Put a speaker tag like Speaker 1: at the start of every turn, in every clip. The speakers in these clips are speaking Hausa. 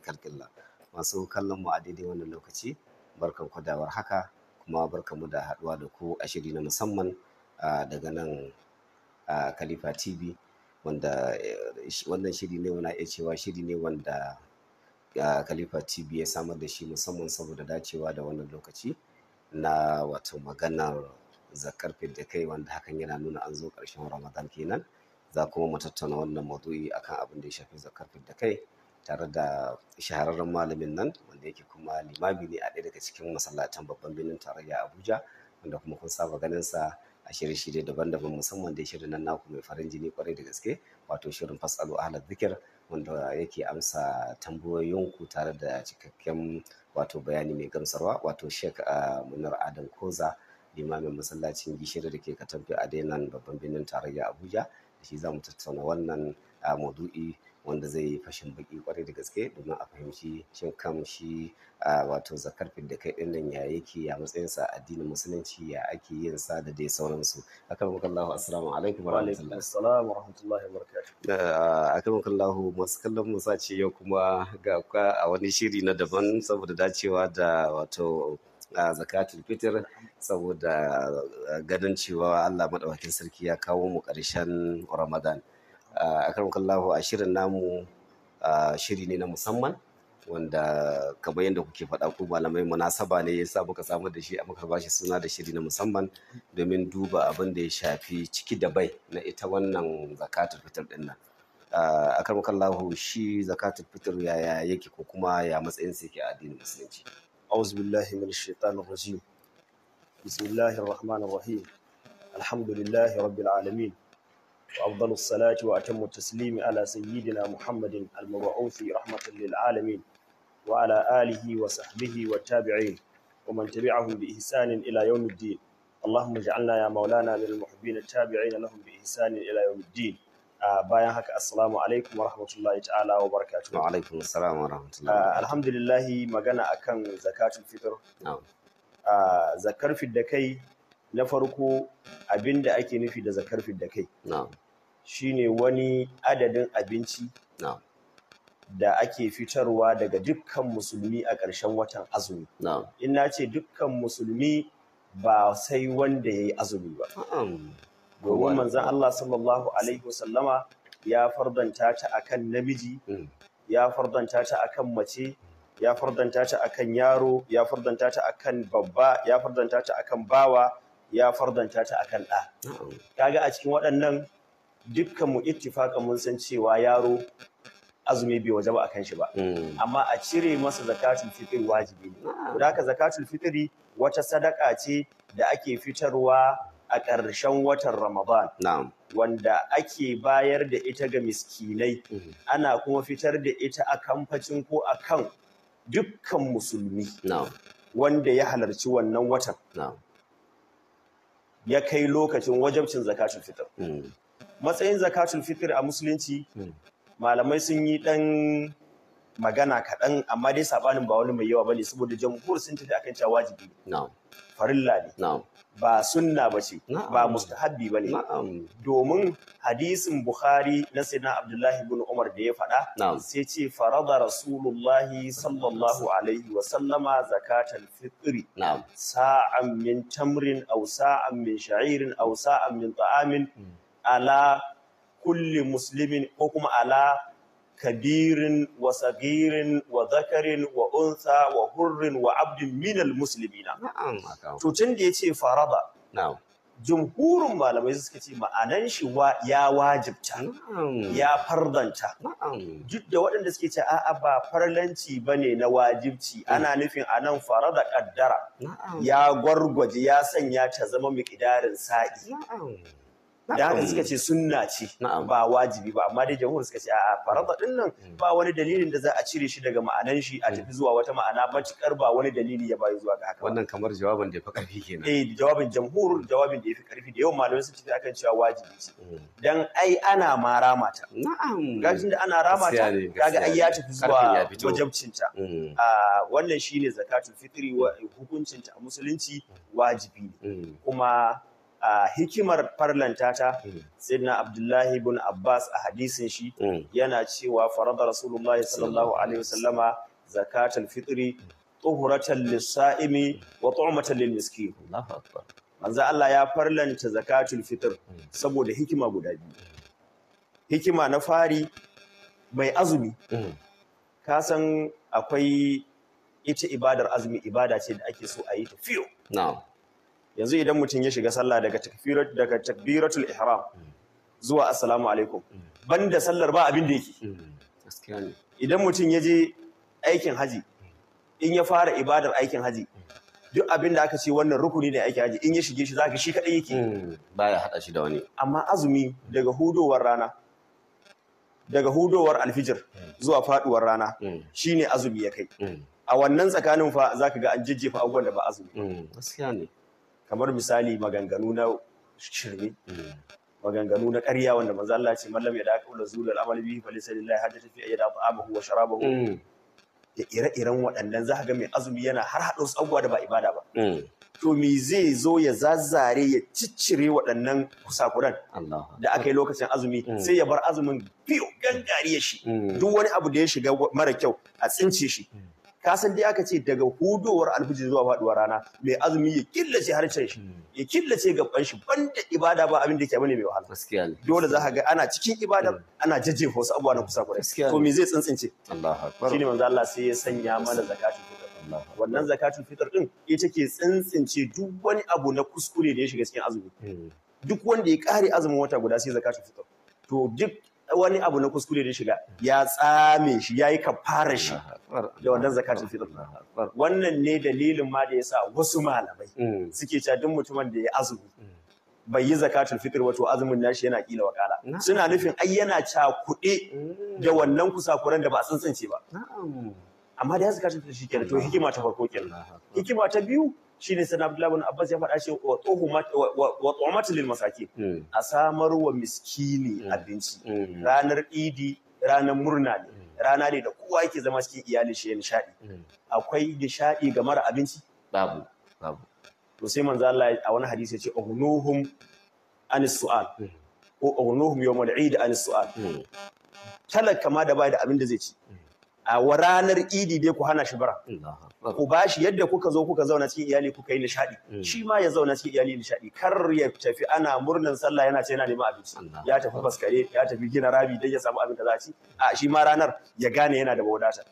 Speaker 1: da kalkilla masu kallon mu a daidai wannan lokaci barkan kwadawar haka kuma barkan mu da haɗuwa da ku a shiri na musamman daga nan Khalifa TV wanda eh, wannan shiri ne muna iya cewa shiri ne wanda Khalifa TV ya samar da shi musamman saboda dacewa da wannan lokaci na wato maganar zakar da kai wanda hakan yana nuna an zo ƙarshen Ramadan kenan za kuma mu tattauna wannan maudu'i akan abin da ya shafi zakar da kai tare da shahararren malamin nan wanda yake kuma limami ne a ɗaya daga cikin masallatan babban birnin tarayya abuja wanda kuma kun saba ganin sa a shirye shirye daban-daban musamman da shirin nan naku mai farin jini kwarai da gaske wato shirin fasalu ahla zikir wanda yake amsa tambayoyinku tare da cikakken wato bayani mai gamsarwa wato shek ah, munar adam koza limamin masallacin gishiri da ke katamfe a dainan babban birnin tarayya abuja da shi za mu tattauna wannan ah, maudu'i wanda zai yi fashin baki kwarai da gaske domin a fahimci shin kam shi wato zakar da kai din nan ya yake ya matsayinsa addinin musulunci ya ake yin sa da dai sauransu akan kallahu assalamu alaikum wa
Speaker 2: rahmatullahi wa
Speaker 1: barakatuh akan kallahu masu kallon mu sace yau kuma ga kwa a wani shiri na daban saboda dacewa da wato a zakatul fitr saboda ganin cewa Allah madaukakin sarki ya kawo mu ƙarshen Ramadan a ah, kallahu a shirin namu ah, shiri ne na musamman wanda kamar yadda kuke faɗa ko malamai munasaba ne ya sa muka samar da shi a muka bashi suna da shiri na musamman domin duba abin da ya shafi ciki da bai na ita wannan zakatar fitar din nan a ah, shi zakatar fitar yaya yake ko kuma ya matsayin sa yake a addinin musulunci a'udhu billahi minash shaitanir rajim
Speaker 2: bismillahir rahmanir rahim alhamdulillahi rabbil alamin وأفضل الصلاة وأتم التسليم على سيدنا محمد المبعوث رحمة للعالمين وعلى آله وصحبه والتابعين ومن تبعهم بإحسان إلى يوم الدين اللهم اجعلنا يا مولانا من المحبين التابعين لهم بإحسان إلى يوم الدين bayan haka assalamu alaikum wa rahmatullahi ta'ala wa barakatuhu wa
Speaker 1: alaikum assalam wa
Speaker 2: rahmatullahi alhamdulillah magana akan zakatul fitr zakar fidda kai na farko abin da ake nufi da zakar da kai Shi ne wani adadin abinci da ake fitarwa daga dukkan musulmi a ƙarshen watan azumi in na ce dukkan musulmi ba sai wanda ya yi azumi ba
Speaker 1: domin manzan Allah
Speaker 2: sallallahu alaihi wasallama ya fardanta ta akan namiji mm. ya fardanta ta akan mace ya fardanta ta akan yaro ya fardanta ta akan babba ya fardanta ta akan bawa ya fardanta ta akan ɗa kaga a cikin waɗannan dukkan mu ittifaka mun san cewa yaro azumi bai waje ba kan shi ba mm. amma a cire masa zakatul fitri wajibi ne da haka zakatul fitri wata sadaka ce da ake fitarwa a ƙarshen watan Ramadan wanda ake bayar da ita ga miskinai mm-hmm. ana kuma fitar da ita a kamfacin ko a kan dukkan musulmi wanda ya halarci wannan watan ya kai lokacin wajabcin zakatul fitr hmm. matsayin zakatul fitr a musulunci hmm. malamai sun yi ɗan. magana kaɗan amma dai saɓanin ba wani mai yawa bane saboda jamhur sun tafi akan cewa wajibi farilla ne ba sunna ba ce ba mustahabbi ba ne domin hadisin bukhari na Sina abdullahi bin umar da ya faɗa sai ce farada rasulullahi sallallahu alaihi wa sallama zakatal fitri sa'an min tamrin aw sa'an min sha'irin aw sa'an min ta'amin hmm. ala kulli muslimin ko kuma ala kabirin wa sagirin wa zakarin wa unsa wa hurrin wa abdin minal muslimina to tun da yace farada jumhurin malamai suka ce ma'anan shi ya wajibta ya fardanta duk da waɗanda suke ce a'a ba farlanci ba ne na wajibci mm. ana nufin a nan fara da ƙaddara ya gwargwaje ya sanya ta zama miƙidarin sa'i
Speaker 1: da haka suka ce
Speaker 2: sunna ce ba wajibi ba amma dai jamhur suka ce a farada din nan mm. ba wani dalilin da za a cire shi daga ma'anan shi a tafi mm. zuwa wata ma'ana matukar ba wani dalili ya bayu zuwa ga haka wannan kamar jawabin da ya fi karfi kenan eh jawabin jamhur jawabin da ya fi karfi da yawan malamai sun ce akan cewa wajibi ce mm. dan ai ana ma ramata. na'am gajin da ana rama ta kaga ai ya tafi zuwa wajibcin ta wannan shine zakatul fitri wa hukuncin ta a musulunci wajibi ne kuma a hikimar farlanta ta hmm. sayyidina abdullahi ibn abbas a hadisin shi hmm. yana cewa farada rasulullahi sallallahu alaihi wasallama zakatul fitri tuhuratan lisaimi wa tu'matan lil-miskin Allahu manzo Allah ya farlanta zakatul fitr saboda hikima guda biyu hikima na fari mai azumi hmm. ka san akwai ita ibadar azumi ibada ce da ake so a yi ta fiyo na'am yanzu idan mutum ya shiga sallah daga takbiratul ihram zuwa assalamu alaikum banda sallar ba abin da yake hmm. idan mutum ya je aikin haji in ya fara ibadar aikin haji duk abin da aka ce wannan rukuni ne aikin haji in ya shige shi zaka shi kadai yake hmm.
Speaker 1: baya hada shi da wani
Speaker 2: amma azumi daga hudowar rana daga hudowar alfijir hmm. zuwa faduwar rana shine azumi ya kai a wannan tsakanin fa zaka ga an jijjefa abubuwan da ba azumi gaskiya ne kamar misali maganganu na shirme hmm. maganganu na ƙarya wanda manzo Allah ce mallam ya da kaula zulul amal bi fa laysa lillahi hajjatu fi ayyada wa sharabahu hmm. da ire-iren waɗannan za ga mai azumi yana har haɗin tsagwa da ba ibada ba hmm. to me zai zo ya zazzare ya ciccire waɗannan kusakuran da aka yi lokacin azumi sai ya bar azumin biyu gangare shi duk wani abu da ya shiga mara kyau a tsince shi Kasan dai aka ce daga hudowar alfijir zuwa faduwar rana mai azumi ya killace harshen shi hmm. ya killace gaban shi banda ibada ba abin da yake bane mai wahala dole za ka ga ana cikin ibada hmm. ana jajjefa wasu abubuwa na kusa kurai to me zai tsintsince Allahu akbar manzo Allah sai ya sanya mana zakatun wannan zakatun fitr din ita take tsintsince duk wani abu na kuskure da ya shiga cikin azumi hmm. duk wanda ya kare azumin wata guda sai zakatun fitr to duk wani abu na kuskure da shiga ya tsame shi yayi kafara shi da wannan zakatun fitr wannan ne dalilin ma da ya sa wasu malamai mm. suke cewa duk mutumin da ya azumi mm. bai yi zakatul fitr wato azumin nashi yana kila wakala suna nufin ai yana ca kuɗe mm. da wannan kusakuran da ba a tsantsance ba amma da ya zakatul fitr shi kenan to hikima ta farko kenan hikima ta biyu shine sai Abdullahi bin Abbas ya faɗa shi wa tuhumat wa tuhumat lil masakin hmm. a samar wa miskini hmm. abinci hmm. ranar idi ranar murna ne rana ne da kowa yake zama cikin iyali shi ya nishadi akwai nishaɗi ga mara abinci babu babu to sai manzo Allah a wani hadisi ya ce uhnuhum an su'al ko uhnuhum yawm al-eid an su'al talaka ma da bai da abin da zai ci wa ranar idi dai ku hana shi bara ku bashi yadda kuka zo kuka zauna cikin iyali kuka yi nishadi mm. shi ma ya zauna cikin iyali nishadi kar ya tafi ana murnan sallah yana ce yana neman abinci ya tafi faskare ya tafi gina rabi dai ya samu abin da za ci a shi ma ranar ya gane yana da wadata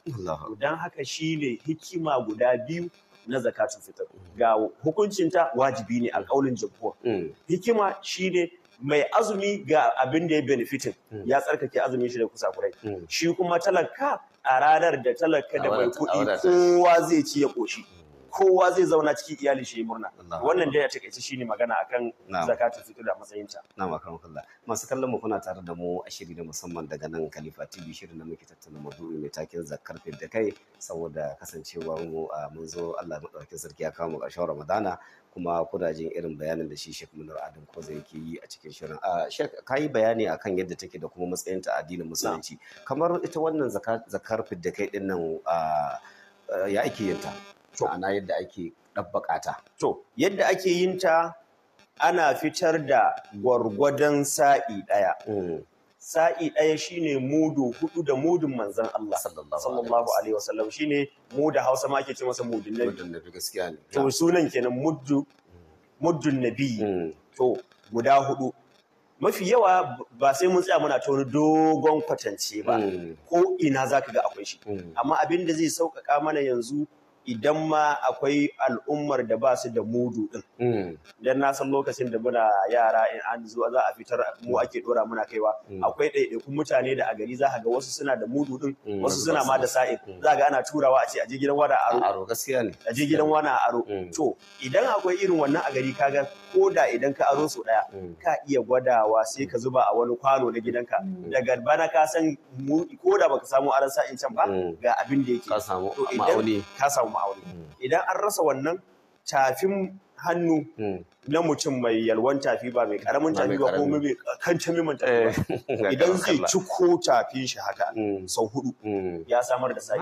Speaker 2: dan haka shi ne hikima guda biyu na zakatun fitar ga hukuncinta wajibi ne alƙaulin jamhur mm. hikima shi ne. mai azumi ga abin da ya benefitin hmm. ya tsarkake azumi shi da kusa kurai hmm. shi kuma talaka a ranar da talaka da mai kuɗi kowa zai ci ya ƙoshi kowa zai zauna ciki iyali shi murna wannan dai a takaice shine magana akan zakatul fitr da matsayinta
Speaker 1: na'am Allah. masu kallon mu kuna tare da mu a shiri na musamman daga nan Khalifa TV shirin na muke tattauna maudu'i mai taken zakar da kai saboda kasancewa mu mun zo Allah madaukakin sarki ya kawo mu ƙarshen Ramadana kuma kuna jin irin bayanin da shi Sheikh Munir Adam Koza yake yi a cikin shirin ah, a Sheikh kai bayani akan yadda take da kuma matsayin ta addinin musulunci kamar ita wannan zakar fidda kai din nan
Speaker 2: ah, ah, ya ake yin ta ana yadda ake dabbaka ta to yadda ake yin ta ana fitar da gwargwadon sa'i daya mm. sa'i ɗaya shine mudu hudu da mudun manzan Allah sallallahu alaihi wasallam shine mu da Hausa ma ake ce masa mudun nabi mudun nabi gaskiya ne to sunan kenan muddu muddun nabi hmm. to guda hudu mafi yawa ba sai mun tsaya muna ta wani dogon kwatance ba hmm. ko ina zaka ga akwai shi hmm. amma abin da zai sauƙaƙa mana yanzu idan ma akwai al'ummar da ba su da mudu din idan hmm. na san lokacin da muna yara in an zo za a fitar mu hmm. ake dora muna kaiwa hmm. akwai ɗaiɗaikun mutane da a gari za ga wasu suna da mudu din wasu suna ma da sa'in za ga ana turawa a ce a gidan wani a aro gaskiya ne a gidan wani a aro to idan akwai irin wannan a gari kaga ko da idan ka aro su daya mm. ka iya gwadawa sai ka zuba a wani kwano na gidanka mm. daga bana ka san ko da baka samu aron sa'in can ba mm. ga abin da yake ka samu ma'auni ka samu ma'auni idan an rasa wannan tafin hannu na mutum mai yalwan tafi ba mai karamin tafi ba ko mai kancan mun tafi ba eh. idan zai ciko tafin shi haka sau hudu ya samar da sa'i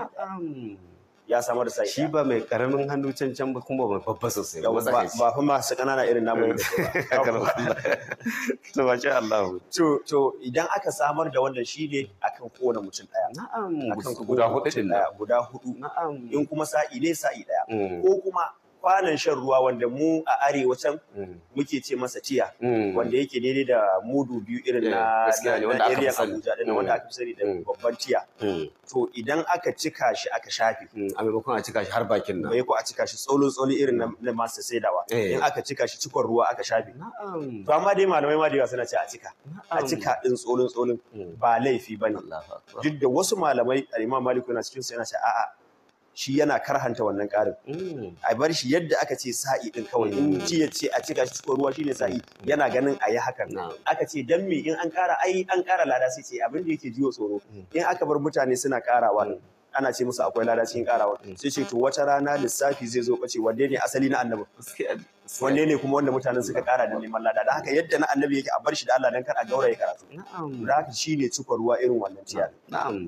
Speaker 2: ya samar da sa'i shi ba mai karamin hannu can can ba kuma ba babba sosai ba ba fa masu kanana irin namu ne to masha Allah to to idan aka samar da wannan shi ne akan kowane mutum daya na'am akan guda hudu guda hudu na'am in kuma sa'i ne sa'i daya mm. ko kuma kwanan shan ruwa wanda mu a can mm. muke ce masa tiya mm. wanda yake daidai da mudu biyu irin na area Abuja din wanda aka sani da mm. babban tiya to idan aka cika shi aka shafe a maimakon a cika shi har bakin nan maimakon a cika shi tsolon tsoli irin na masu saidawa eh. in aka cika shi cikon ruwa aka shafe to amma dai malamai ma da yawa suna ce a cika a cika din tsolon tsolin ba laifi bane duk da wasu malamai al'imam Malik yana cikin su yana ce a'a shi yana karhanta wannan karin mm. a bar shi yadda aka ce sa'i din kawai ji mm. ya ce a cika shi cikin ruwa shine sa'i mm. yana ganin a yi hakan aka ce dan me in an kara ai an kara lada sai ce abin da yake jiwo tsoro in aka bar mutane suna karawa ana ce musu akwai lada cikin karawa mm. sai ce to wata rana lissafi zai zo bace wanne ne asali na annabi wanne ne kuma wanda mutanen suka kara da neman lada da haka yadda na annabi yake a bar shi da Allah dan kar a gauraye karatu da haka shine cikon ruwa irin wannan tiya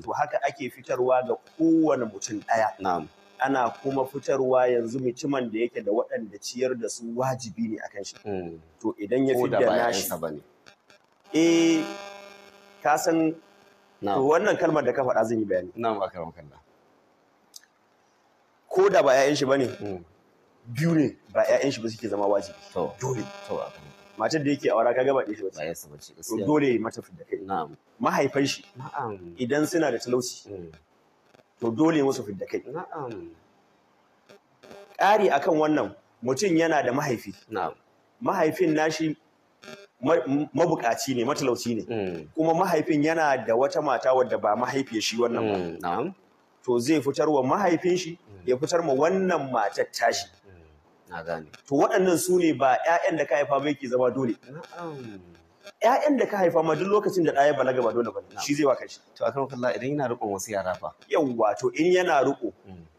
Speaker 2: to haka ake fitarwa ga kowane mutum daya na'am ana kuma fitarwa yanzu mutumin da yake da waɗanda ciyar da su wajibi ne akan shi mm. to idan ya fi da nashi eh ka san to wannan kalmar da ka faɗa zan yi bayani na ba akram kalla. ko da ba 'ya'yan shi bane hmm. biyu ne ba 'ya'yan shi ba suke zama wajibi to dole to akram matar da yake wara kaga ba ɗaya ba ya ce. to dole mata fidda kai na'am mahaifan shi na'am idan suna da talauci hmm. to dole musu fidda kai na'am ƙari akan wannan mutum yana da mahaifi na'am mahaifin nashi mabukaci ne matalauci ne mm. kuma mahaifin yana da wata mata wadda ba mahaifiyar shi wannan ba mm, to zai fitar wa mahaifin shi mm. ya fitar ma wannan matar tashi to waɗannan su ne ba 'ya'yan da ka haifa ba yake zama dole ‘ya'yan da ka haifa ma duk lokacin da ɗaya balaga ba dole ba shi zai waka shi to akan kalla idan yana riƙon wasu yara fa yawwa to in yana riƙo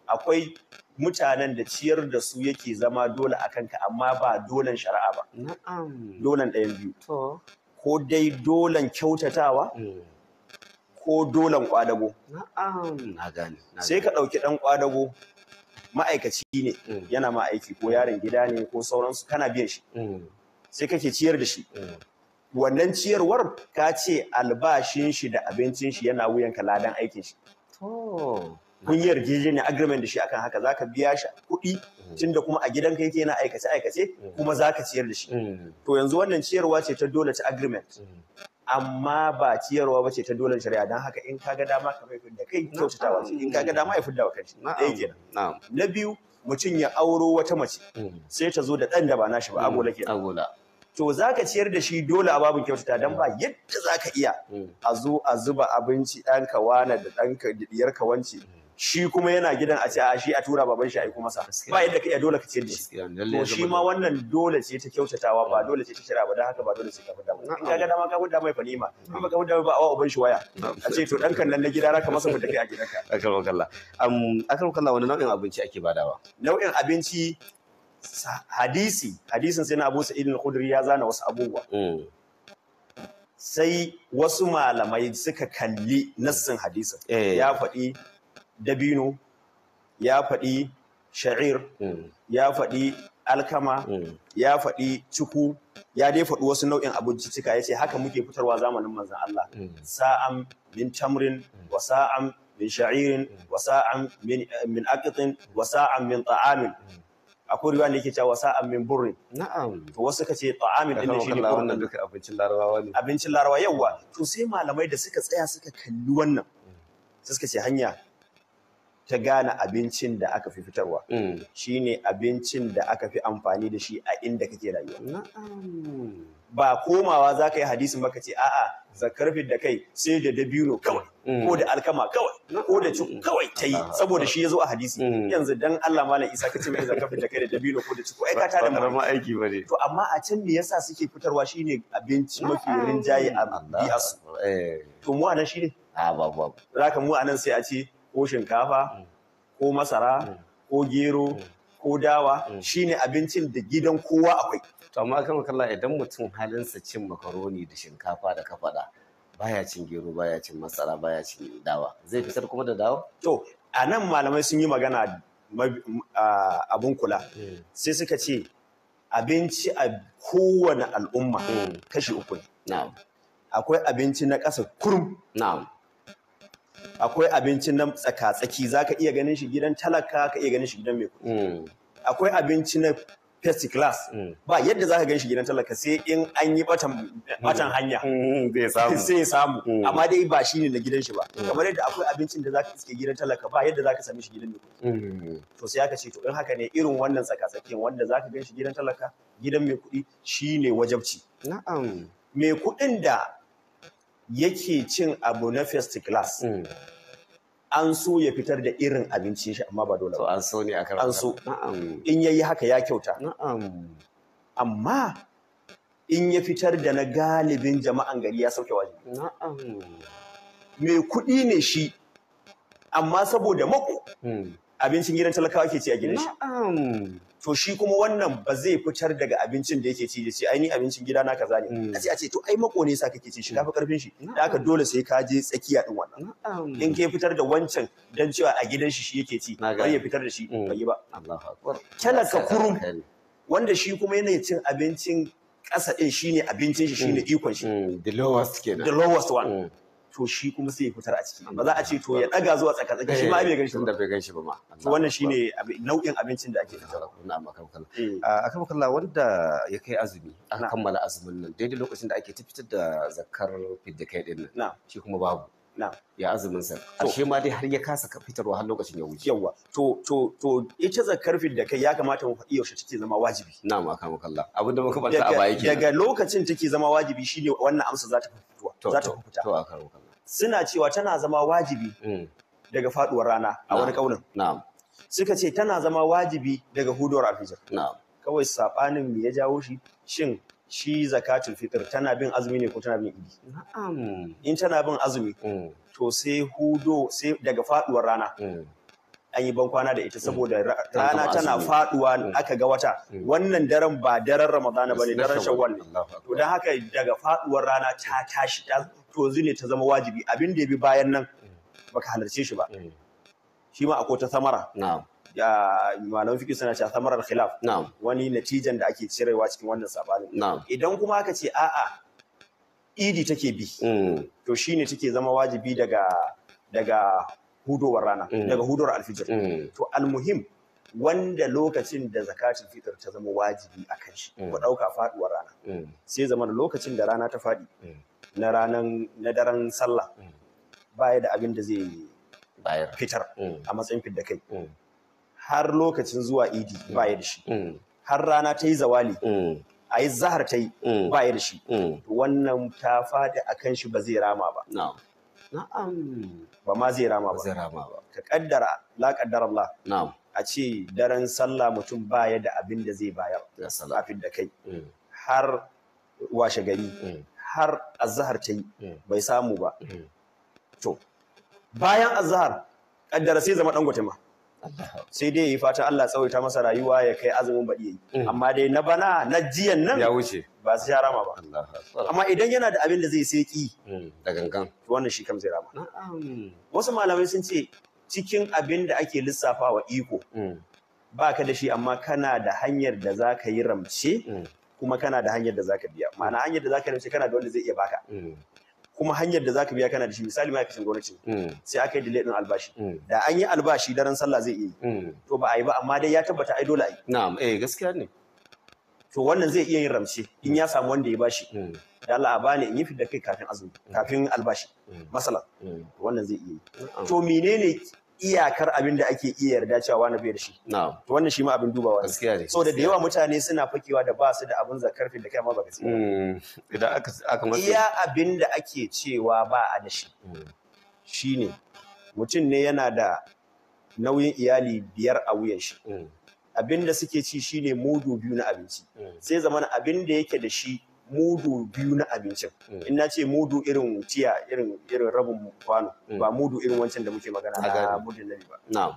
Speaker 2: akwai mutanen da ciyar da su yake zama dole a kanka amma ba dolen shari'a ba dolen ɗayan biyu ko dai dolen kyautatawa ko dolen kwadago sai ka ɗauki ɗan ƙwadago ma'aikaci ne mm. yana ma'aiki ko yaron gida ne ko sauransu kana biyan shi mm. sai kake ciyar da shi mm. wannan ciyarwar ka ce albashin shi da abincin shi yana wuyan kaladan aikin shi kun yi agreement da shi akan haka zaka biya shi kuɗi tunda kuma a gidan kai ke na aikace aikace kuma zaka ciyar da shi to yanzu wannan ciyarwa ce ta dole ta agreement amma ba ciyarwa ba ce ta dole shari'a don haka in ka ga dama ka mai da kai kyautatawa ce in ga dama ya fidda wa kanshi ɗaya kenan na biyu mutum ya auro wata mace sai ta zo da ɗan da ba nashi ba agola kenan agola to za ka ciyar da shi dole a babin kyautata don ba yadda za ka iya mm. a zo a zuba abinci ɗanka wana da ɗanka ka wance shi kuma yana gidan a ce a shi a tura baban shi a yi kuma sa ba yadda ka iya dole ka ce da shi to shi ma wannan dole ce ta kyautatawa ba dole ce ta shari'a ba dan haka ba dole ce ka fada in ka ga dama ka gudda mai fanima in ba ka gudda ba awa uban shi waya a ce to dan kan nan na gida raka masa fita kai a gidanka akan kalla am akan kalla wani nau'in abinci ake badawa nau'in abinci hadisi hadisin sai na Abu Sa'id al-Khudri ya zana wasu abubuwa mm. sai wasu malamai suka kalli nassin hadisin eh. ya faɗi dabino ya faɗi sha'ir hmm. ya faɗi alkama hmm. ya faɗi cuku ya dai faɗi wasu nau'in abinciccika ya ce haka muke fitarwa zamanin manzan Allah hmm. sa'am min tamrin wa sa'am min sha'irin wa sa'am eh, min aqitin wa sa'am min ta'amin akwai riwaya da yake cewa sa'am min burin. Na'am. To wasu ka ce ta'amin din shi ne Wannan duka abincin larabawa ne. Abincin larabawa yawa. To sai malamai da suka tsaya suka kalli wannan. Sai suka ce hanya ta gane abincin da aka fi fitarwa mm. shine abincin da aka fi amfani da shi a inda kake rayuwa ba komawa za ka yi hadisin baka ce a'a zakarfi da kai sai da dabino kawai mm. ko da alkama kawai ko da ciko kawai ta yi saboda shi ya zo a hadisi mm. yanzu dan Allah malam Isa ka ce mai zakarfi da kai da dabino ko da ciko ai ka ta da mu aiki bane to amma a can me yasa suke fitarwa shine abinci mafi rinjaye a biyasu eh. to mu anan shine a babu zaka mu anan sai a ce ko shinkafa ko masara ko gero ko dawa shine abincin da gidan kowa akwai to amma kan kalla idan mutum halinsa cin makaroni da shinkafa da kafada baya cin gero baya cin masara baya cin dawa zai fitar kuma da dawa to a nan malamai sun yi magana abun kula sai suka ce abinci a kowane al'umma hmm. kashi uku akwai abinci na ƙasa kurum akwai abinci na tsaka-tsaki za ka iya ganin shi gidan talaka ka iya ganin shi gidan mai kuɗi mm. akwai abinci na first class mm. ba yadda za ka gan shi gidan talaka sai in an yi batan mm. hanya sai ya samu amma dai ba shi ne na gidan shi ba kamar yadda akwai abincin da za ka iske gidan talaka ba yadda za ka sami shi gidan mai to sai aka ce to in haka ne irin wannan tsaka-tsakin wanda za ka gan shi gidan talaka gidan mai kuɗi shi ne wajabci na'am mai kuɗin da yake cin abu na first class hmm. an so ya fitar da irin abincin shi amma ba dole ba an so ne a an so hmm. in yayi haka ya kyauta amma in ya fitar da na galibin jama'an gari ya sauke waje mai kuɗi ne shi amma saboda mako hmm. abincin gidan talakawa ke ci a gidan shi to shi kuma wannan ba zai fitar daga abincin da yake ci da ce ai abincin gida na kaza ne hmm. a ce a ce to ai mako ne sa kake ci shi kafa karfin shi hmm. da aka dole sai ka je tsakiya din wannan hmm. in kai fitar da wancan dan cewa a gidan shi shi yake ci bai ya fitar da shi bai ba talaka kurum wanda shi kuma yana cin abincin kasa ɗin shine abincin shi shine ikon shi the lowest kenan the lowest one to shi kuma sai ya fitar a ciki ba za a ce to ya daga zuwa tsaka tsaki shi ma bai ganshi ba
Speaker 1: bai ganshi ba ma to wannan shine nau'in abincin da ake fitarwa na makan kalla eh. ah, a kan kalla wanda ya kai azumi an kammala azumin nan daidai lokacin da ake tafitar da zakar fidda kai din
Speaker 2: nan shi kuma babu ya azumin sa ashe ma dai har ya kasa fitarwa har lokacin ya wuce yawa to to to ita zakar fidda kai ya kamata mu faɗi yaushe take zama wajibi Na ma maka Allah abin da muka banta a baya daga lokacin take zama wajibi shine wannan amsa za ta fito za ta fita to karo maka suna cewa tana zama wajibi hmm. daga faduwar rana a wani kaulin suka ce tana zama wajibi daga huduwar alfijir kawai sabanin me ya jawo shi shin shi zakatul fitr tana bin azumi ne ko tana bin idi in tana bin azumi hmm. to sai hudo sai daga faduwar rana hmm. an yi bankwana da ita saboda rana tana faduwa aka ga wata wannan daren ba daren ramadana ba ne daren shawwal ne to don haka daga faduwar rana ta tashi to zine ta zama wajibi abin da ya bi bayan nan baka halarce shi ba eh. shi ma akwai ta samara ya malamin fikin suna cewa samarar khilaf wani natijan da ake cirewa cikin wannan sabanin idan kuma aka ce a'a idi take bi hmm. to shine take zama wajibi daga daga hudowar rana hmm. daga hudowar alfijir hmm. to almuhim wanda lokacin da zakatin fitar ta zama wajibi a kan shi ku ɗauka faɗuwar rana sai zama lokacin da rana ta faɗi na ranar na daren sallah mm. baya da abin da zai fitar mm. a matsayin fidda kai mm. har lokacin zuwa idi baya da shi har rana ta yi zawali a yi zahar ta yi baya da shi wannan ta fada a kan shi ba zai rama ba na'am ba ma zai rama ba ka kaddara la kaddara Allah na'am a ce daren sallah mutum baya da abin da zai bayar a fidda kai har washe gari har azahar ta yi hmm. bai samu ba hmm. to bayan azahar ƙaddara sai zama ɗangote ma sai dai yi fata Allah tsawaita masa rayuwa ya kai azumin baɗi ya yi hmm. amma dai na bana na jiyan nan ba su sha rama ba amma idan yana da abin da zai sai ƙi, da gangan wannan shi kam zai rama wasu malamai sun ce cikin abin da ake lissafa wa iko ba ka da shi amma kana da hanyar da za ka yi ramce kuma kana da hanyar da zaka biya ma'ana mm. hanyar da zaka biya kana da wanda zai iya baka mm. kuma hanyar da zaka biya kana da shi misali ma'aikacin gwamnati mm. sai aka yi delay din albashi da an yi albashi daren sallah zai iya to ba a yi ba amma dai ya tabbata ai dole a na'am eh gaskiya ne to wannan zai iya yin ramshe in ya samu wanda ya bashi da Allah a bani in yi fidda kai kafin azumi kafin albashi masalan wannan zai iya to menene iyakar abin da ake iya yarda cewa wani bai da shi to wannan shi ma abin dubawa gaskiya ne so da da yawa mutane suna fakewa da ba su da abin zakarfi da kai ma baka ci hmm. idan aka aka mace. iya abin da ake cewa ba a da shi hmm. shine mutum ne yana da nauyin iyali biyar a wuyan shi hmm. abin da suke ci shine mudu biyu na abinci sai zamana abin da yake da shi mudu biyu na abincin mm. in na ce mudu irin tiya irin rabin kwano mm. ba mudu irin wancan da muke magana na mudun nabi ba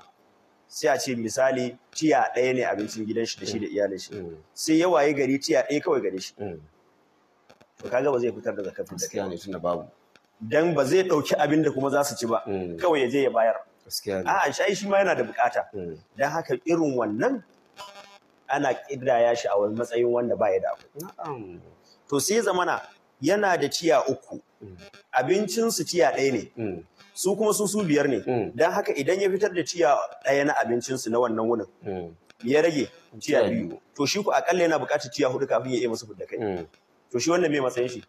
Speaker 2: sai a ce misali ciya ɗaya ne abincin gidan shi da shi da mm. iyalin shi sai ya waye gari tiya ɗaya kawai gare shi to kaga ba zai fitar da zakatun da kai dan ba zai ɗauki abin da kuma za su ci ba kawai ya je ya bayar a shayi shi ma yana da bukata dan haka irin wannan ana kidaya shi a wani matsayin wanda ba ya da
Speaker 1: abu
Speaker 2: to sai zamana yana da ciya uku abincinsu ciya ɗaya ne mm. su kuma su su biyar ne mm. don haka idan ya fitar da ciya ɗaya na abincinsu na wannan wunin mm. ya rage ciya biyu to shi ku akalla yana buƙatar ciya hudu kafin ya iya masu fudda kai to shi wannan me matsayin shi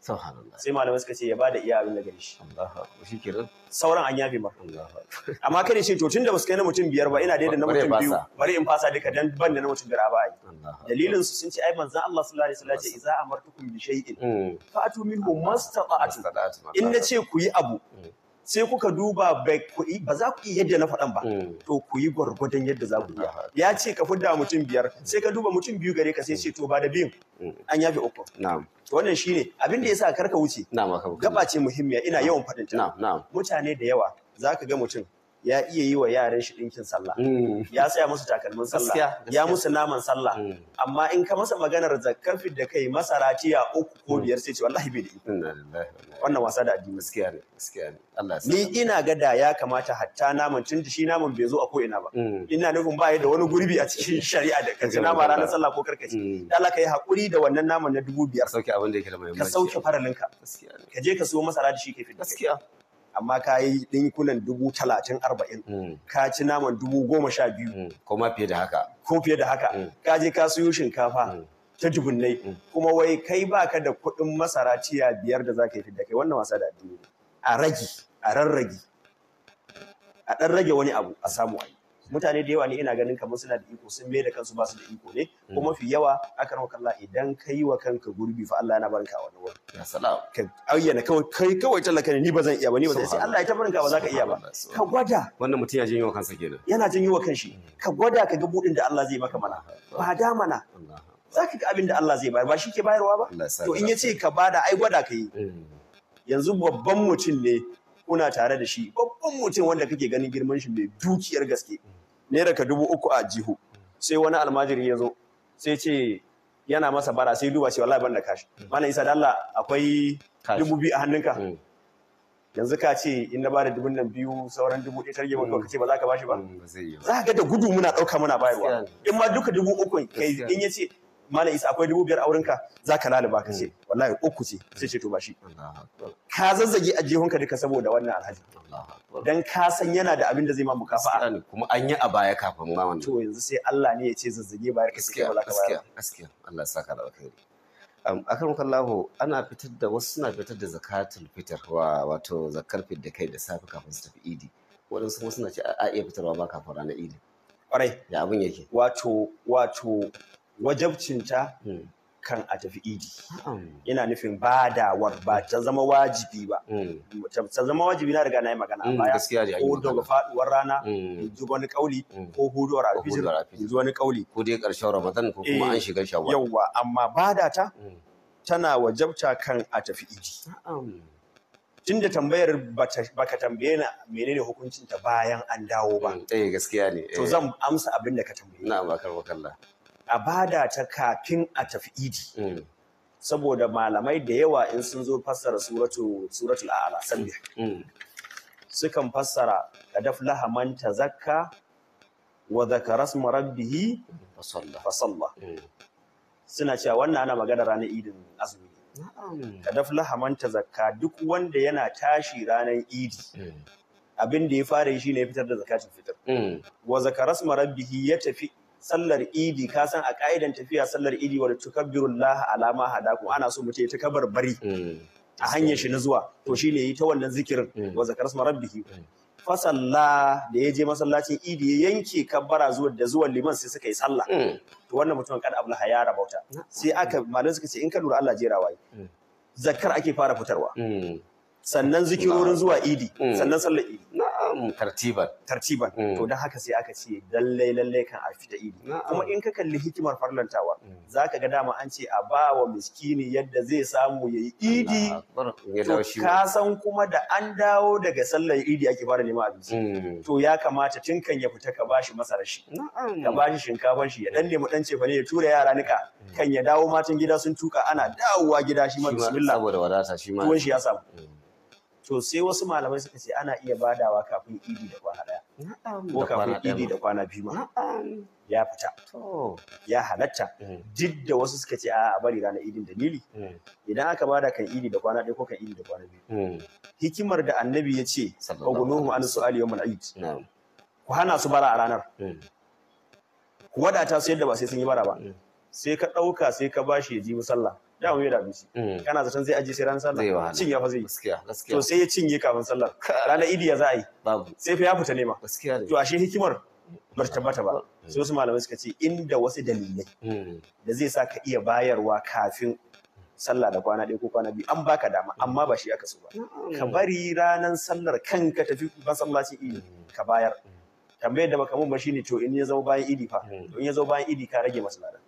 Speaker 2: sai malamai suka ce ya bada iya abin da gare shi sauran an yafe ba. amma kada shi to tunda basu kai na mutum biyar ba ina daidai na mutum biyu bari in fasa duka dan ban da na mutum biyar ba ai dalilin su sun ce ai manzon Allah sallallahu alaihi wasallam ce idza amartukum bi shay'in mm. fa'atu minhu mastata'atu in nace ku yi abu mm. sai kuka duba ba za ku yi yadda na faɗan ba mm. to ku yi gwargwadon yadda za ku yi ya ce ka fidda mutum biyar sai ka duba mutum biyu gare ka sai ce mm. to ba da biyun mm. an yafe uku wannan shine abin da yasa karka wuce gaba ce muhimmiya ina yawan faɗin ta mutane da yawa za ka ga mutum ya iya yi wa yaran shi ɗinkin sallah hmm. ya saya musu takalmin sallah ya musu naman sallah hmm. amma in ka masa maganar zakkar da kai masara tiya uku ko hmm. biyar sai ce wallahi bai da wannan wasa da addini gaskiya ne gaskiya ne Allah ni ina ga da ya kamata hatta naman tun shi naman bai zo a ko ina ba ina nufin ba da wani gurbi a cikin shari'a da kace nama ranar sallah ko karkace Allah ka yi hakuri da wannan naman na dubu biyar sauke abin da yake da muhimmanci ka sauke faralinka ka je ka siyo masara da shi kai fi gaskiya amma ka yi ɗinkunan dubu talatin arba'in hmm. ka ci naman dubu goma sha biyu hmm. ko ma fiye da haka ko fiye da haka hmm. ka je ka siyo shinkafa ta dubunnai kuma wai kai baka da kuɗin masara tiya biyar da za ka yi fidda kai wannan wasa da addini a ragi a rarragi a ɗan rage wani abu a samu ai mutane da yawa ne ina ganin kamar suna da iko sun da kansu ba su da iko ne mm. ko mafi yawa akan wa kalla idan kai wa kanka gurbi fa Allah yana barka wani wani ka ayyana kawai kai kawai tallaka ne ni ba zan iya ba ni ba zan sai Allah ya ta barka ba za ka iya ba ka gwada
Speaker 1: wannan mutum ya janyo kansa kenan
Speaker 2: yana janyo kanshi mm. ka gwada ka ga budin da Allah zai maka mana ba da mana za ka ga abin da Allah zai bayar ba shi ke bayarwa ba to in ya ce ka bada ai gwada ka yi mm. yanzu babban mutum ne kuna tare da shi babban mutum wanda kake ganin girman shi mai dukiyar gaske naira ka dubu uku a jihu sai wani almajiri ya zo sai ce yana masa bara sai duba shi wallahi ban da kashi mm. mana isa dalla akwai dubu biyu a hannunka mm. yanzu ka ce in na bada dubun nan biyu sauran dubu ɗaya targe maka mm. ka ce ba za ka bashi ba za ka ga da gudu muna ɗauka muna bayarwa in ma duka dubu uku kai in ya ce mala isa akwai dubu biyar a wurinka za ka laliba ka ce mm. wallahi uku ce sai ce to ba shi ka zazzage a jihunka duka saboda wannan alhaji dan ka san yana da abin da zai ma mukafa'a kuma an yi a baya kafin ma wannan to yanzu sai Allah ne ya ce zazzage bayar ka sike wala ka bayar gaskiya Allah saka da alkhairi
Speaker 1: akan kallahu ana fitar da wasu suna fitar da zakatul fitr wa wato zakar da kai da safi kafin su tafi idi waɗansu kuma suna ce a iya fitarwa ba kafin ranar idi
Speaker 2: kwarai ya abin yake wato wato wajabcinta hmm. kan a tafi idi yana nufin ba war ba ta zama wajibi ba hmm. ta zama wajibi na riga na yi magana hmm, baya ko daga faduwar rana ji wani kauli ko huduwar in ji wani kauli ko dai karshen ramadan ko kuma an eh, shiga shawar. yawwa amma bada ta tana wajabta kan a tafi idi tunda tambayar baka tambaye na menene hukuncinta bayan an dawo ba
Speaker 1: eh gaskiya ne to eh. zan amsa
Speaker 2: abin da ka tambaye ba akar wakalla a bada ta kafin a tafi idi mm. saboda malamai da yawa in sun zo fassara suratul a'ala sabbi mm. sukan fassara daf lahaman ta zakka wa zakara sma rabbihi fa salla mm. suna cewa wannan ana magana ranar idin azumi ka lahaman ta zakka duk wanda yana tashi ranar idi abin da ya fara yi shine fitar da zakatun fitar wa zakara sma rabbihi ya tafi sallar idi ka san a ka'idan tafiya sallar idi wa tukabbirullah ala alama hadaku ana so mutum ya ta kabar bari mm, a hanyar shi na zuwa to shine yi ta wannan zikirin mm. wa zakar sama rabbihi mm. fasalla da ya je masallacin idi ya yanke kabbara zuwa da zuwan liman sai suka yi sallah to wannan mutumin kada abul ya rabauta sai aka malam suka ce in ka lura Allah jera waye zakar ake fara fitarwa sannan zikirorin zuwa idi sannan sallar idi
Speaker 1: tartiban tartiban mm. to don
Speaker 2: haka sai aka ce lallai lallai kan a fita idi kuma in ka kalli hikimar farlantawa mm. zaka ga dama an ce a ba wa miskini yadda zai samu yayi idi
Speaker 1: to ka
Speaker 2: san kuma da an dawo daga sallar idi ake fara nema abinci mm. to ya kamata tun kan ya fita ka bashi masarar shi ka bashi shinkafan shi ya dan nemi dan ce ne ya tura yara nika kan ya dawo matan gida sun tuka ana dawowa gida shi ma bismillah saboda wadata shi ma shi ya samu to sai wasu malamai suka ce ana iya badawa kafin idi da kwana daya ko kafin idi da kwana biyu ya fita ya halatta eh. duk da wasu suka ce a bari ranar idin dalili eh. idan aka bada kan idi da kwana ɗaya ko kan idi da kwana biyu eh. hikimar da annabi ya ce ogunuhu an su'ali yawmal eid ku hana su bara a ranar ku wadata su yadda ba sai sun yi bara ba sai ka ɗauka sai ka bashi ya ji musalla ya wuya da abinci mm. kana zaton zai aje sai ran sallah cin ya fa zai gaskiya gaskiya to sai ya cinye kafin sallar ranar idi ya za a yi sai fa ya fita nema gaskiya to ashe hikimar bar tabbata ba mm. sai wasu malamai suka ce inda wasu dalilai mm. da zai sa ka iya bayarwa kafin sallah da kwana ɗaya ko kwana biyu an baka dama amma ba shi aka so ba ka bari ranar sallar kanka tafi ban sallah ce ka bayar tambayar da baka mun ba shine to in ya zo bayan idi fa hmm. in ya zo bayan idi ka rage masa lada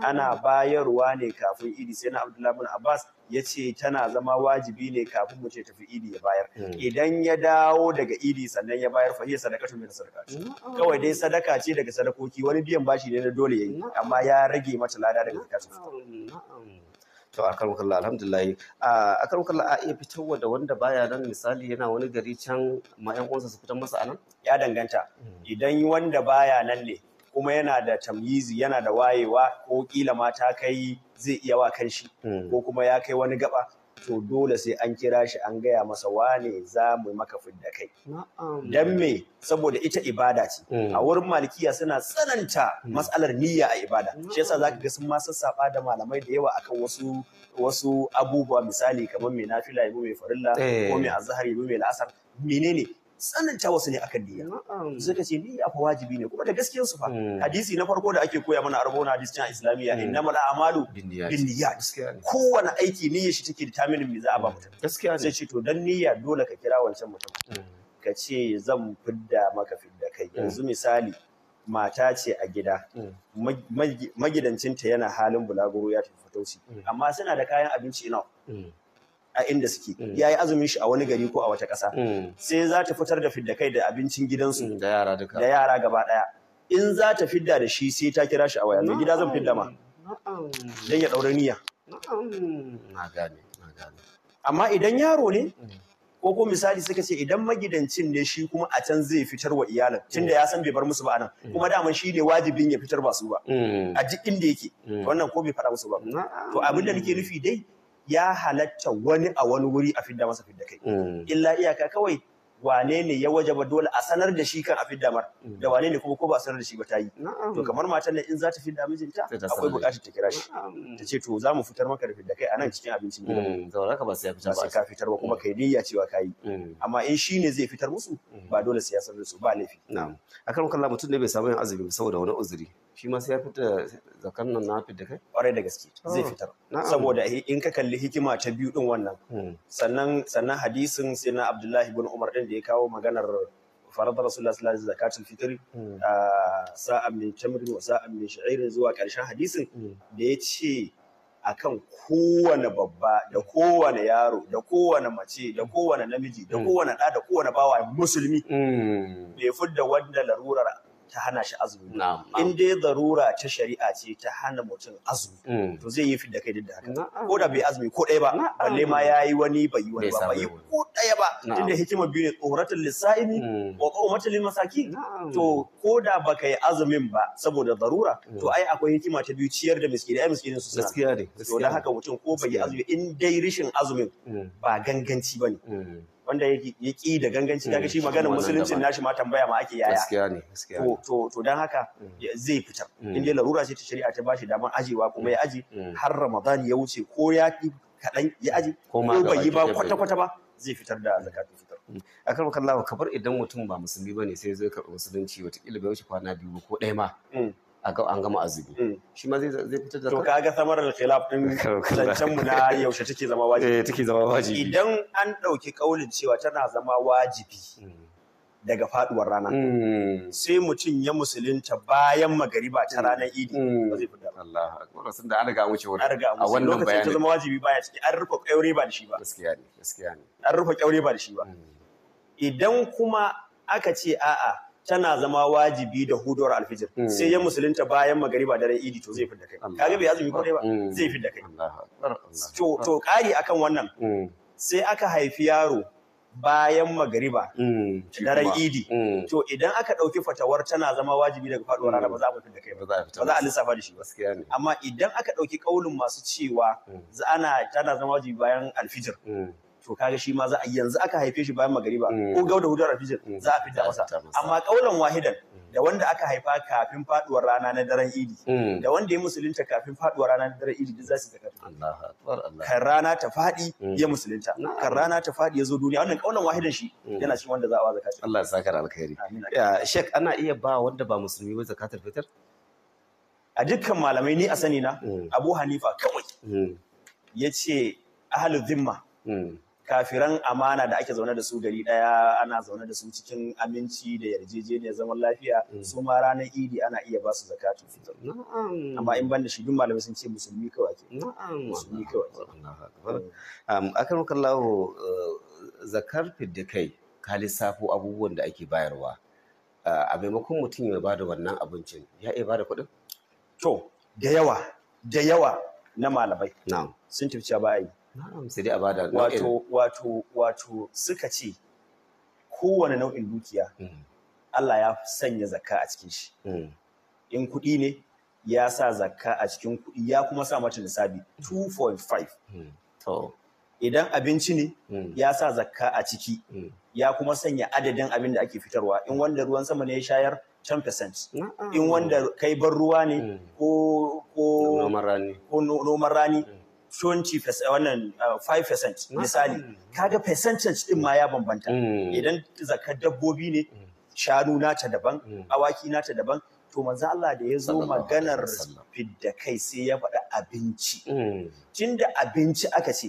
Speaker 2: ana bayarwa ne kafin idi sai na Abdullahi Abbas ya ce tana zama wajibi ne kafin mu ce tafi idi ya bayar hmm. idan ya dawo daga idi sannan ya bayar fa hiya sadaqatu sadaka sadaqati kawai dai sadaka ce daga sadakoki wani biyan bashi ne na dole ya yi amma ya rage mata lada daga zakatun to a karo kalla alhamdulillah a karo kalla a iya fitarwa da wanda baya nan misali yana wani gari can ma yan su fitar masa anan ya danganta hmm. idan wanda baya nan ne kuma yana da tamyizi yana da wayewa ko kila ma ta kai zai iya wa kanshi hmm. ko kuma ya kai wani gaba to dole sai an kira shi an gaya masa wane za mu yi maka fidda kai. Dan me saboda ita ibada ce. Mm. A wurin malikiya suna tsananta mm. matsalar niyya a ibada. Shi yasa zaka ga sun ma sassaɓa da malamai da yawa akan wasu wasu abubuwa misali kamar mai nafila yabo mai farilla eh. ko mai azhar yabo mai la'asar menene tsananta wasu ne akan diya. suka ce niyya fa wajibi ne kuma da gaskiyar su fa hmm. hadisi na farko da ake koya mana arbona hadisi na islamiyya hmm. Inna a'malu binniyat kowane aiki niyyar shi take taminin me za a ba hmm. mutum gaskiya sai ce to dan niyya dole ka kira wancan mutum ka ce zan fidda maka fidda kai yanzu misali mata ce a gida magidancinta yana halin bulaguro ya tafi fatauci amma suna da kayan abinci ina a inda suke mm. ya yi azumin shi a wani gari ko a wata ƙasa mm. sai za ta fitar da fidda kai da abincin gidansu mm, da yara duka da yara gaba ɗaya in za ta fidda da shi sai ta kira shi a waya mai gida zan fidda ma don ya ɗaura niyya amma idan yaro ne ko ko misali suka ce idan magidancin ne shi kuma a can zai fitar wa iyalan. iyalin da ya san bai bar musu ba anan kuma daman shi ne wajibin ya fitar ba su ba a duk inda yake wannan ko bai faɗa musu ba to abin da nake nufi dai ya halatta wani a wani wuri a fidda masa fidda kai mm. illa iyaka kawai wane ne ya ba dole a sanar da shi kan a fidda mar mm. da wane ne kuma ko ba a sanar da shi ba ta yi to kamar matan nan in za ta fidda mijinta akwai bukatar ta kira shi ta ce to za mu fitar maka da fidda kai a nan cikin abincin gida zaura mm, ka ba sai fitar ba ka fitar ba kuma mm. kai niyya cewa ka yi amma in shi ne zai fitar musu ba dole sai ya sanar da su ba laifi
Speaker 1: na'am akan kallon mutum ne bai samu yin azumi saboda wani uzuri
Speaker 2: shi ma sai ya fita zakan nan na fidda kai kwarai da gaske zai oh, fitar saboda in ka kalli hikima ta biyu din wannan sannan sannan hadisin sai na Abdullahi ibn Umar din da ya kawo maganar farad rasulullah sallallahu alaihi zakatul hmm. a sa'an min tamrin wa sa'an min sha'irin zuwa karshen hadisin hmm. da ya ce akan kowane babba da kowane yaro da kowane mace da kowane namiji da hmm. kowane da kowane bawa musulmi bai fudda wanda larurar ta hana shi azumi in dai zarura ta shari'a ce ta hana mutum azumi mm. to zai yi fidda kai duk da haka ko da bai azumi ko ɗaya ba balle ma ya yi wani bai yi wani ba bai yi ko ɗaya ba tunda hikima biyu ne tsoratul lisa'imi mm. wa qawmatul masaki to ko da baka yi azumin ba saboda zarura mm. to ai akwai hikima ta biyu ciyar da miskini ai miskinin su ne to dan haka mutum ko bai yi azumi in dai rishin azumin ba ganganci ne. wanda ya ki da ganganci kaga shi mm, maganar musuluncin nashi ma tambaya ma ake yaya gaskiya ne gaskiya to to dan haka mm. zai fitar mm. in dai larura ce ta shari'a ta bashi damar ajewa kuma ya aji har ramadan ya wuce ko ya ki kaɗan ya aji ko ba yi ba kwata-kwata ba zai fitar da zakatul
Speaker 1: fitar a kan kallawa kabar idan mutum ba musulmi bane sai zai karɓi musulunci wata kila bai wuce kwana biyu ko ɗaya ma an gama azumi mm. shi ma zai fitar da to kaga samar da khilaf din zancen mu na yaushe take
Speaker 2: zama wajibi eh take zama wajibi idan an dauki kaulin cewa tana zama wajibi mm. daga faduwar rana mm. sai mutum ya musulunta bayan magariba ta ranar idi ba zai fitar Allah akbar sun da an riga wuce wani a wannan bayani lokacin ta zama wajibi baya ciki an rufe kaure ba da shi ba gaskiya ne gaskiya ne an rufe kaure ba da shi ba idan kuma aka ce a'a tana zama wajibi da huduwar alfijir hmm. sai ya musulunta bayan magariba daren idi to zai fidda kai kaga bai azumi ko dai ba hmm. zai fidda kai to to kari akan wannan hmm. sai aka haifi yaro bayan magariba daren idi to idan aka ɗauki fatawar tana zama wajibi daga faɗuwar rana ba za a fita da kai ba za a lissafa da shi ba amma idan aka ɗauki kaulin masu cewa ana tana zama wajibi bayan alfijir to kaga shi ma za a yanzu aka haife shi bayan magariba mm. ko gauda hudar rafijin mm. za a fita masa amma kaulan wahidan mm. da wanda aka haifa kafin faduwar rana na daren idi da wanda ya musulunta kafin faduwar rana na daren idi duk za su zakatu kan rana ta fadi ya musulunta kan rana ta fadi ya zo duniya wannan kaulan wahidan shi yana cikin wanda za a wa zakatu Allah
Speaker 1: ya saka alkhairi shek ana iya ba wanda ba musulmi ba
Speaker 2: zakatul fitr a dukkan malamai ni a sani na Abu Hanifa kawai ya ce ahalu zimma kafiran amana da ake zaune da su gari daya ana zaune da su cikin aminci da yarjejeniyar zaman lafiya mm. su ma ranar idi ana iya ba su zakatu. fitar amma in banda shi duk malamai sun ce musulmi kawai ke musulmi kawai akan mm. kallahu eh, zakar
Speaker 1: kai. ka lissafo abubuwan da ake bayarwa eh, a maimakon mutum ya bada wannan
Speaker 2: abincin ya iya bada kuɗin to da yawa da yawa na malamai sun tafi ba yi wato wato wato suka ce kowane nau'in dukiya hmm. Allah ya sanya zakka a cikin shi hmm. in kuɗi ne ya sa zakka a cikin kuɗi ya kuma sa mata nisabi 2.5 hmm. idan abinci ne ya sa zakka a ciki ya kuma sanya adadin abin da ake fitarwa in wanda ruwan sama ne ya shayar 10% in wanda kai bar ruwa ne ko noman rani 20 wannan 5% uh, mm. misali kaga percentage din ma ya bambanta mm. idan zakar dabbobi ne mm. shanu nata daban awaki nata daban to manzo Allah da ya zo maganar fidda kai sai ya faɗi abinci tunda abinci aka ce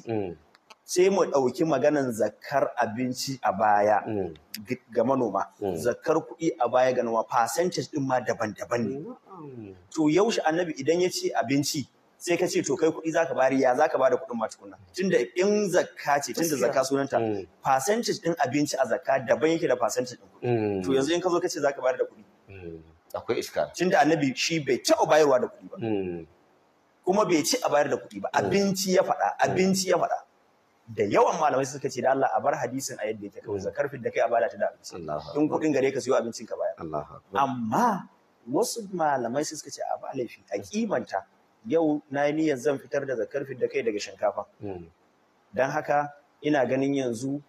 Speaker 2: sai mu ɗauki maganar zakar abinci a baya ga manoma zakar kuɗi a baya ga noma percentage ɗin ma daban-daban ne to yaushe annabi idan ya ce abinci sai ka ce to kai kuɗi zaka bari ya zaka bada kuɗin ma tukunna tunda in zakka ce tunda zakka sunanta mm. percentage din abinci a zakka daban yake da percentage din kuɗi mm. to yanzu in ka zo ka ce zaka bada da kuɗi mm. akwai iska tunda annabi shi bai taɓa bayarwa da kuɗi ba kuma bai ci a bayar da kuɗi ba abinci ya faɗa abinci ya faɗa da yawan malamai suka ce da Allah a bar hadisin a yadda yake kawai zakar da kai a bada ta da abinci in kuɗin gare ka siyo abincin ka baya amma wasu malamai suka ce a ba laifi a kimanta yau na yi niyyar zan fitar da zakar da kai daga shinkafa hmm. don haka ina ganin yanzu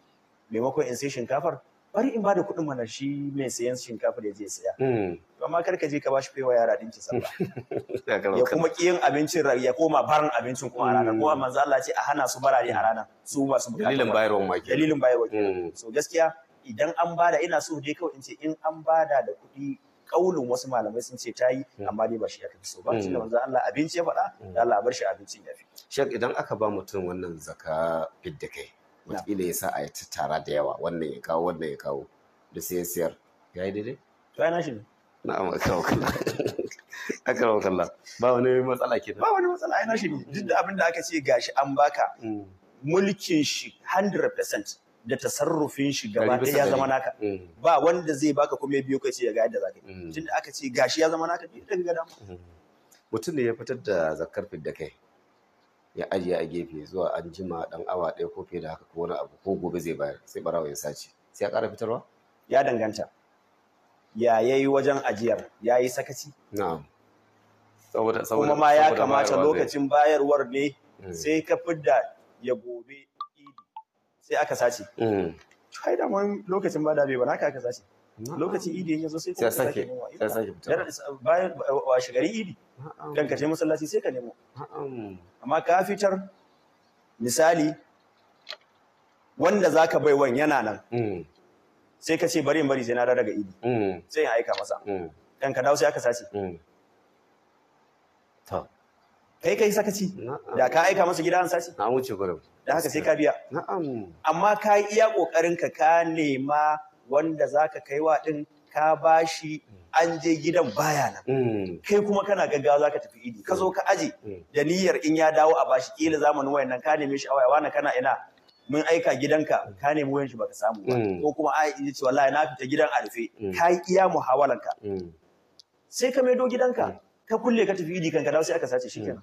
Speaker 2: maimakon in sai shinkafar bari in bada kuɗin mana shi mai sayan shinkafa da zai saya. Hmm. Amma kar ka je ka bashi fewa yara dinki sallah. Ya kuma kiyin abincin ya koma barin abincin kuma a ranar. Hmm. Kuma manzo Allah ce a hana su barare a ranar su masu bukata. Dalilin ma ke. Dalilin bayarwar. So gaskiya idan an bada ina so je kawai in ce in an bada da kuɗi kaulin wasu malamai sun ce ta yi hmm. amma dai ba shi aka fi so ba hmm. da manzo Allah abinci ya faɗa hmm. da Allah bar shi abincin ya fi shek
Speaker 1: idan aka ba mutum wannan zaka fidda kai wataƙila ya sa a yi tara da yawa wannan ya kawo wannan ya kawo da sai ya siyar ya yi daidai to ai nashi ne na'am akawo kalla kawo kalla ba wani matsala kenan ba wani
Speaker 2: matsala ai nashi ne duk da abin da aka ce gashi an baka mulkin shi 100% da tasarrufin shi gaba ɗaya ya zama naka mm. ba wanda zai baka kuma biyu kai sai ya ga yadda zaka yi mm. tunda aka ce gashi ya zama naka duk daga dama
Speaker 1: mm. mutum ne ya fitar da zakar fidda kai ya ajiye a gefe zuwa an jima dan awa ɗaya ko fiye da haka ko wani abu ko gobe zai bayar sai barawa ya sace
Speaker 2: sai ya ƙara fitarwa ya danganta ya yayi wajen ajiyar ya yi sakaci na'am kuma ma ya kamata lokacin bayarwar ne sai ka fidda ya gobe sai aka sace kai mm. da mun lokacin ba bai ba naka aka sace lokacin idi yake zo sai ka sake sai sake bayan washe gari idi dan ka je masallaci sai ka nemo amma ka fitar misali wanda zaka bai wan yana nan mm. sai ka ce bari in bari sai na daga idi mm. sai ya aika masa dan ka dawo sai aka sace kai kai sakaci da ka aika masa gida an sace na wuce gurin da haka sai ka biya na'am amma ka yi iya kokarin ka ka nema wanda zaka kai wa din ka bashi an je gidan baya nan mm. kai kuma kana gaggawa zaka tafi idi ka zo ka aje mm. da niyyar in ya dawo a bashi kila zamanin wayannan ka neme shi a waya wani kana ina mun aika gidanka ka nemi wayan shi baka samu ba mm. ko kuma ai in ce wallahi na fita gidan a rufe ka yi iya muhawalanka sai ka maido gidanka ka kulle ka tafi idi kanka dawo sai aka sace shi kenan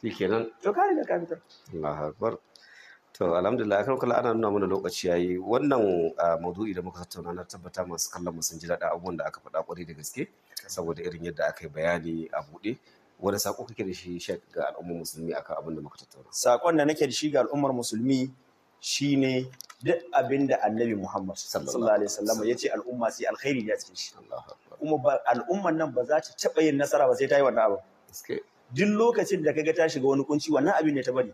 Speaker 2: shikenan to ka da ka
Speaker 1: Allahu akbar to alhamdulillah akan kula ana nuna mana lokaci yayi wannan ah, maudu'i da muka tattauna na tabbata masu kallon mu sun ji daɗin abubuwan da aka faɗa kwarai da gaske saboda irin
Speaker 2: yadda aka yi bayani a buɗe wani sako kake da shi shek ga al'ummar musulmi akan abin da muka tattauna sakon da nake da shi ga al'ummar musulmi shine duk abin da annabi muhammad sallallahu alaihi wasallam ya ce al'umma sai alkhairi ya cikin shi kuma al'umman nan ba za ta taɓa yin nasara ba sai ta yi wannan abu duk lokacin da kaga ta shiga wani kunci wannan abin ne ta bari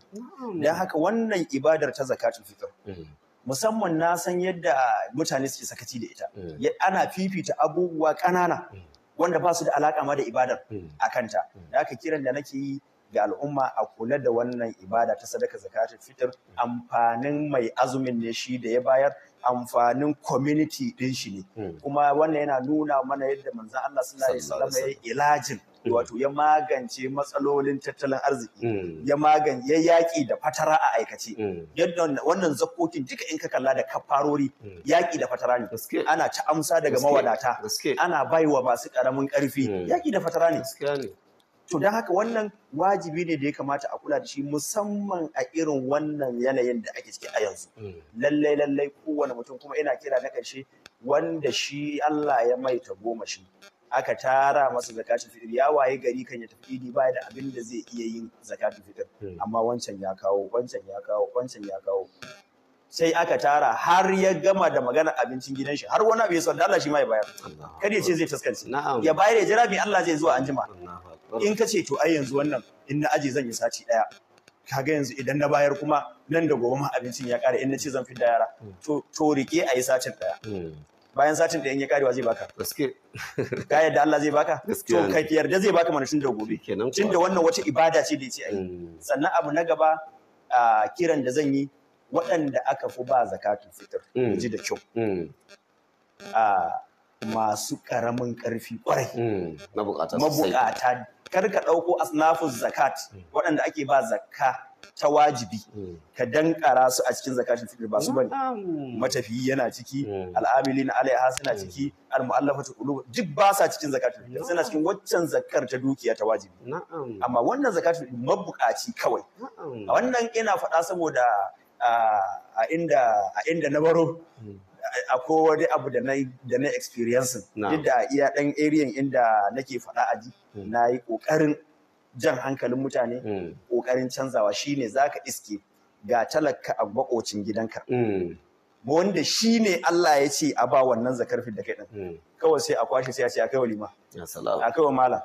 Speaker 2: dan haka wannan ibadar ta zakatul fitr mm. musamman na san yadda mutane suke sakaci da ita mm. ana fifita abubuwa kanana mm. wanda ba su da alaƙa ma da ibadar a kanta da haka kiran da nake yi ga al'umma a kula da wannan ibada ta sadaka zakatul fitr amfanin mai azumin ne shi da ya bayar amfanin community din shi ne hmm. kuma wannan yana nuna mana yadda manzon Allah suna yi salama ya ilajin hmm. wato ya magance matsalolin tattalin arziki hmm. ya magan ya yaƙi da fatara a aikace yadda wannan zakokin duka in ka kalla da kafarori yaƙi da fatara ne ana ci amsa daga mawadata ana baiwa masu ƙaramin ƙarfi yaƙi da fatara ne to don haka wannan wajibi ne da ya kamata a kula da shi musamman a irin wannan yanayin da ake ciki a yanzu mm. lallai lallai kowane mutum kuma ina kira na ƙarshe wanda shi Allah ya maita goma shi aka tara masa zakatun fitir ya waye gari kan ya tafi idi baya da abin da zai iya yin zakatun fitir mm. amma wancan ya kawo wancan ya kawo wancan ya kawo sai aka tara har ya gama da magana abincin gidan shi har wani abu ya da Allah shi ma ya bayar Kada ya ce zai taskance. ya bayar ya jira bi Allah zai zuwa anjima in ka ce to ai yanzu wannan in na aji zan yi sati daya kaga yanzu idan na bayar kuma nan da gobe ma abincin ya kare in na ce zan fi da yara hmm. to to rike a yi satin daya hmm. bayan satin da in ya kare wa zai baka gaske ka yarda Allah zai baka to ka yarda zai baka mana tun da gobe tun da wannan wata ibada ce da yace ai hmm. sannan abu na gaba a ah, kiran da zan yi waɗanda aka fi ba zakatun fitar mm. ji da kyau mm. a masu ƙaramin ƙarfi ƙwarai mm. mabuƙata kar ka ɗauko asnafin zakat waɗanda ake ba zakka ta wajibi ka dankara su a cikin zakatun fitar ba su bane matafiyi yana ciki Al'amili al'amilin alaiha suna ciki muallafatu qulub duk ba sa cikin zakatun fitar suna cikin waccan zakar ta dukiya ta wajibi amma wannan zakatun fitr mabuƙaci kawai wannan ina faɗa saboda a inda na baro a wani abu da na experience duk da iya ɗan ariyan inda nake faɗa a ji, hmm. na yi ƙoƙarin jan hankalin mutane hmm. ƙoƙarin canzawa shine zaka iske ga talaka a makocin gidanka hmm. wanda shi ne Allah ya ce a ba wannan zakarfin da kai ɗin kawai sai a kwashe sai a ce a kai wa lima a kai wa malam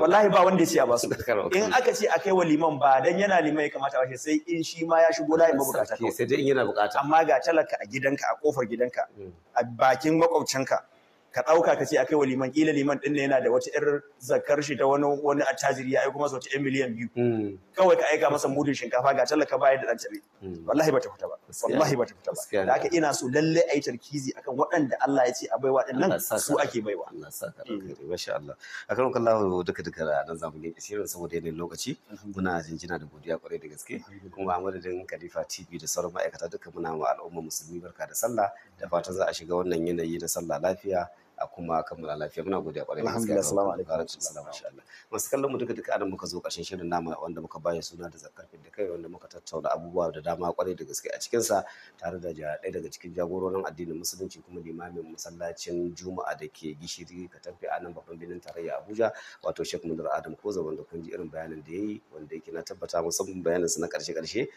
Speaker 2: wallahi ba wanda ya ce a basu in aka ce a kai wa liman ba dan yana liman ya kamata ba sai in shi ma ya shigo layin mabukata sai dai in yana bukata amma ga talaka a gidanka a kofar gidanka mm. a bakin makwabcinka ka ɗauka ka ce akai wa liman ƙila liman ɗin yana da wata ƴar zakar shi ta wani wani attajiri ya aiko masa wata ƴan miliyan biyu hmm. kawai ka aika masa mudun shinkafa ga talaka baya da ɗan hmm. wallahi bata fita ba wallahi ta fita ba da aka ina so lalle ayi tarkizi akan waɗanda Allah ya ce a baiwa ɗin nan su ake baiwa Allah saka hmm. masha Allah
Speaker 1: akan kallahu duka duka da nan zamu ne shirin saboda yanayin lokaci muna jinjina da godiya kwarai da gaske kuma madadin Khalifa TV da sauran ma'aikata duka muna ma al'umma musulmi barka da sallah da fatan za a shiga wannan yanayi na sallah lafiya a kuma kammala lafiya muna godiya kwarai gaskiya, assalamu alaikum masu kallon mu duka duka anan muka zo ƙarshen shirin nama wanda muka bayar suna da zakafin da kai wanda muka tattauna abubuwa da dama kwarai da gaske a cikin sa tare da ɗaya daga cikin jagororin addinin musulunci kuma limamin masallacin juma'a da ke gishiri ka tafi a nan babban birnin tarayya abuja wato sheikh munir adam koza wanda kun ji irin bayanin da yayi yi wanda yake na tabbata musamman bayanin sa na karshe-karshe.